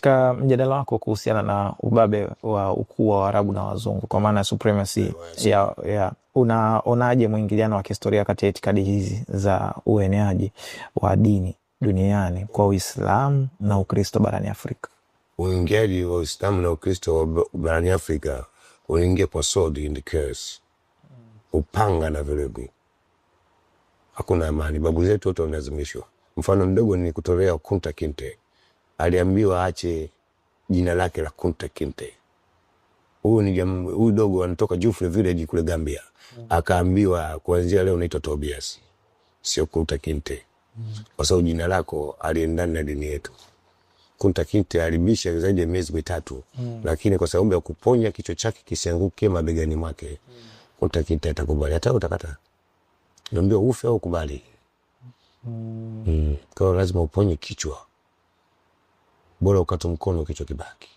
katika mjadala wako kuhusiana na ubabe wa ukuu wa Waarabu na Wazungu kwa maana supremacy ya, ya unaonaje mwingiliano wa kihistoria kati ya itikadi hizi za ueneaji wa dini duniani kwa Uislamu na Ukristo barani Afrika? Uingiaji wa Uislamu na Ukristo barani Afrika uliingia kwa sword curse, upanga na vilembi. Hakuna amani, babu zetu wote wamelazimishwa. Mfano mdogo ni kutolea Kunta Kinte aliambiwa aache jina lake la Kunte Kinte. Huyu ni huyu dogo anatoka Jufre Village kule Gambia. Mm. Akaambiwa kuanzia leo unaitwa Tobias. Sio Kunte Kinte. Mm. Kwa sababu jina lako aliendana na dini yetu. Kunta Kinte alibisha zaidi ya miezi mitatu. Mm. Lakini kwa sababu ya kuponya kichwa chake kisianguke mabegani mwake. Mm. Kunta Kinte atakubali hata utakata. Niambiwa ufe au kubali. Mm. Mm. Kwa lazima uponye kichwa Mm bora ukatu mkono kichwa kibaki.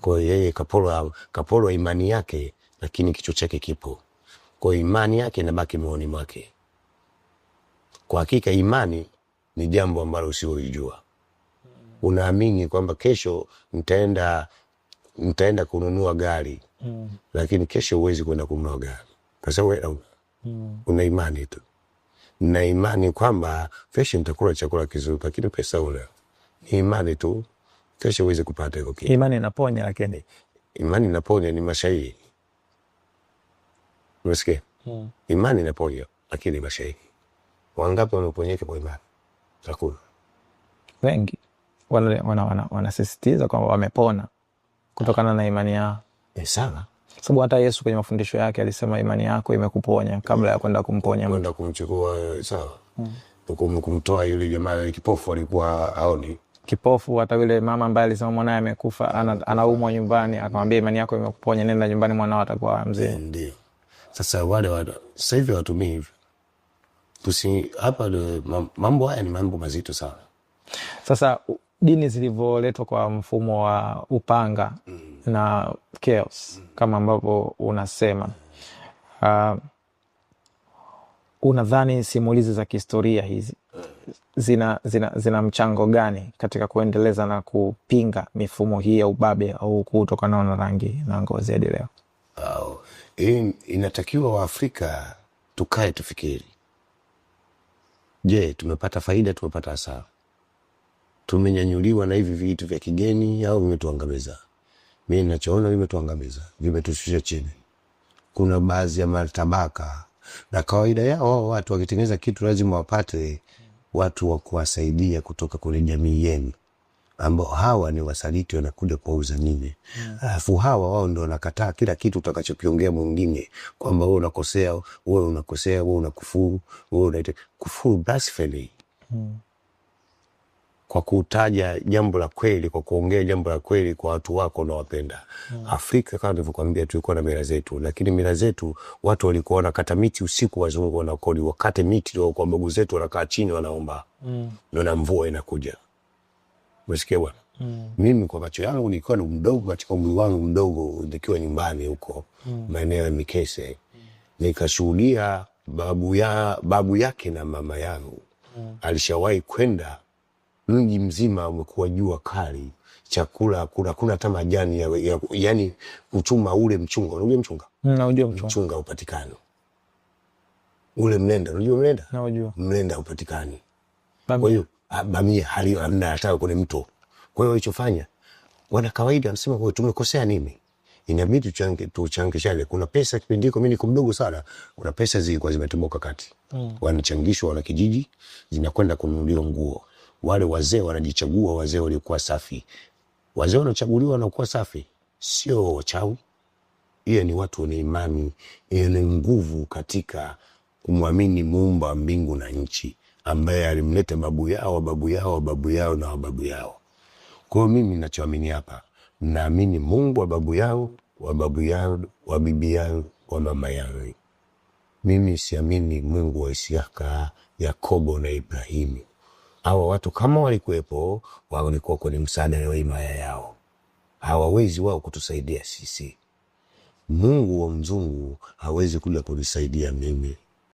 Kwa hiyo yeye kapolwa, kapolwa imani yake, lakini kichwa chake kipo. Kwa hiyo imani yake inabaki moyoni mwake. Kwa hakika imani ni jambo ambalo usiolijua. Unaamini kwamba kesho nitaenda nitaenda kununua gari mm. Lakini kesho huwezi kwenda kununua gari kwa sababu una, mm. una imani tu na imani kwamba kesho nitakula chakula kizuri, lakini pesa una ni imani tu, kesho uweze kupata hiyo kitu. Imani inaponya, lakini imani inaponya ni mashahidi, umesikia? Hmm. Imani inaponya, lakini mashahidi wangapi wameponyeka kwa imani? Hakuna. Wengi wanasisitiza wana, wana, wana kwamba wamepona kutokana na imani yao eh, sana sababu hata Yesu kwenye mafundisho yake alisema imani yako imekuponya kabla ya kwenda kumponya kwenda kumchukua eh, sawa, hmm. kumtoa yule jamaa kipofu alikuwa aoni, kipofu. Hata yule mama ambaye alisema mwanae amekufa anaumwa nyumbani, akamwambia imani yako imekuponya, nenda nyumbani, mwanao atakuwa mzee. Eh, ndio sasa wale wa sasa hivi watumii hivyo, tusi hapa. Mambo haya ni mambo mazito sana. Sasa dini zilivyoletwa kwa mfumo wa upanga mm. na chaos mm. kama ambavyo unasema mm. uh, unadhani simulizi za kihistoria hizi zina, zina, zina mchango gani katika kuendeleza na kupinga mifumo hii ya ubabe au ukuu utokanao na rangi na ngozi hadi leo? Oh, in, inatakiwa Waafrika tukae tufikiri, je, tumepata faida? Tumepata hasara? Tumenyanyuliwa na hivi vitu vya kigeni au vimetuangamiza? Mi nachoona vimetuangamiza, vimetushusha chini. Kuna baadhi ya matabaka na kawaida yao wao watu wakitengeneza kitu lazima wapate watu wa kuwasaidia kutoka kwenye jamii yenu ambao hawa ni wasaliti wanakuja kuwauza nyinyi. Alafu yeah. hawa wao ndo wanakataa kila kitu utakachokiongea mwingine kwamba wewe unakosea, wewe unakosea, wewe unakufuru, wewe unaita kufuru blasphemy. Hmm kwa kutaja jambo la kweli, kwa kuongea jambo la kweli kwa watu wako unaowapenda. Hmm. Afrika kama nilivyokuambia, tulikuwa na mila zetu, lakini mila zetu watu walikuwa wanakata miti usiku, wazungu wanakodi wakate miti kwa mbogu zetu, wanakaa chini wanaomba. Hmm. Naona mvua inakuja, umesikia bwana. Mm. Mimi kwa macho yangu nikiwa ni mdogo katika umri wangu mdogo, nikiwa nyumbani huko mm. maeneo ya Mikese mm. nikashuhudia babu, ya, babu yake na mama yangu mm. alishawahi kwenda mji mzima umekuwa jua kali, chakula hakuna, hakuna hata majani ya, ya, yani kuchuma ule mchunga, unajua mchunga? Mm, naujua mchunga. Mchunga upatikani. Ule mlenda, unajua mlenda? Naujua. Mlenda upatikani. Kwa hiyo bamia hali hamna hata kwenye mto. Kwa hiyo walichofanya wana kawaida wanasema kwa tumekosea nini? Inabidi tuchange tuchangishane. Kuna pesa kipindi hiko mimi niko mdogo sana. Kuna pesa zilikuwa zimetoboka kati. Mm. Wanachangishwa wana kijiji zinakwenda kununuliwa nguo wale wazee wanajichagua wazee waliokuwa safi. Wazee wanachaguliwa wanakuwa safi sio wachawi, hiyo ni watu wenye imani yenye nguvu katika kumwamini muumba wa mbingu na nchi ambaye alimleta babu yao wababu yao wababu yao na wababu yao. Kwa hiyo mimi nachoamini hapa, naamini Mungu wa babu yao wa babu yao wa bibi yao wa mama yao. Mimi siamini Mungu wa Isihaka, Yakobo na Ibrahimu hawa watu kama walikuwepo walikuwa kwenye msaada wa imaya yao, hawawezi wao kutusaidia sisi. Mungu wa mzungu hawezi kuja kunisaidia mimi.